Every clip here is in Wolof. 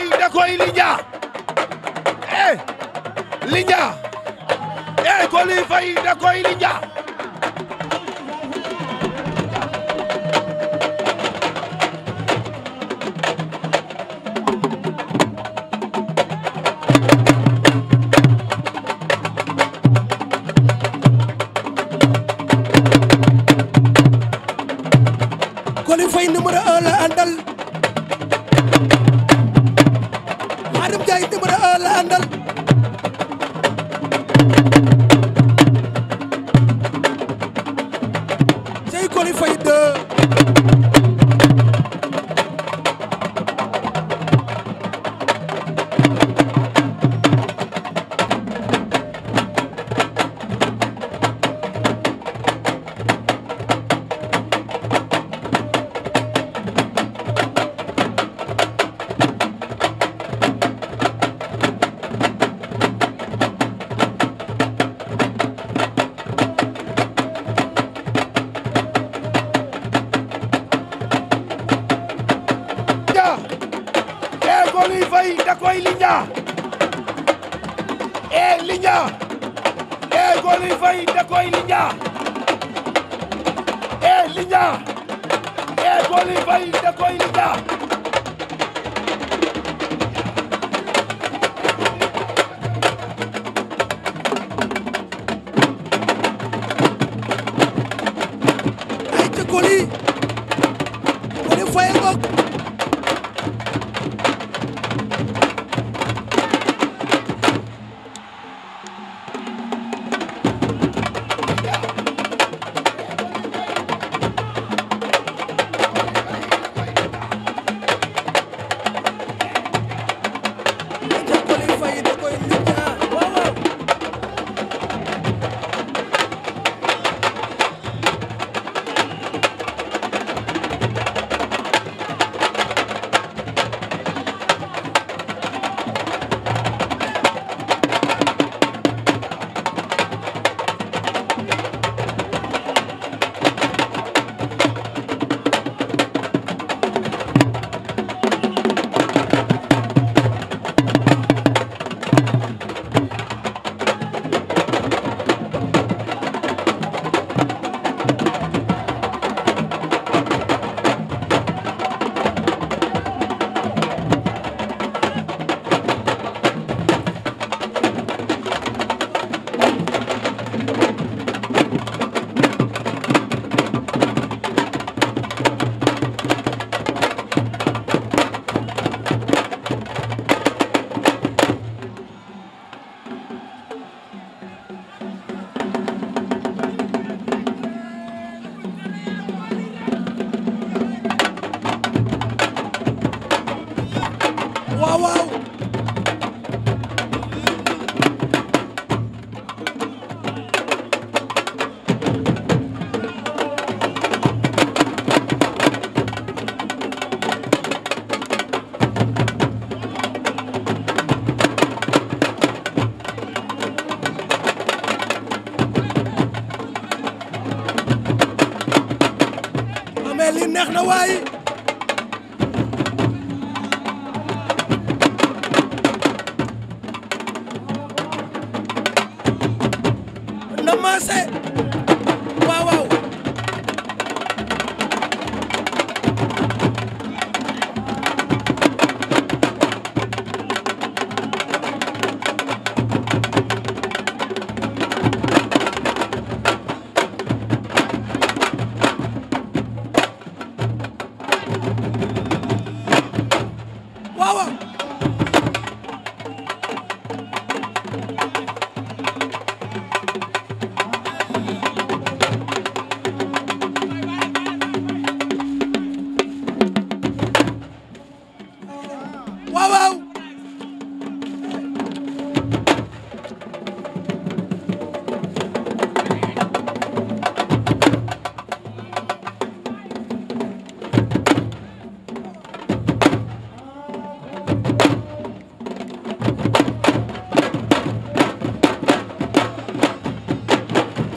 ay da koy linja eh linja eh Coly Faye da koy linja Coly Faye numéro un la àndal Abdoulaye Timara la àndal Khalifa yi da koy linja e linja e Khalifa yi da koy linja e linja e, yi da koy linja waaye li neex na waay na maase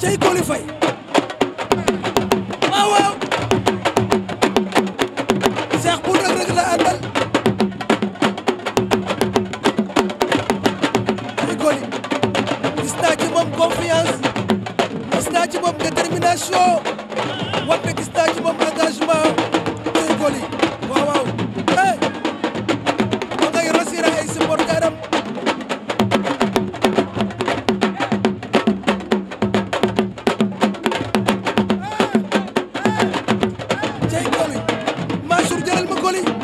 cay Coly Faye waaw waaw Cheikh bu Reug Reug la àndal ay Coly gis naa ci moom confiance gis naa ci moom détermination wante gis naa ci moom engagement ay Coly Coly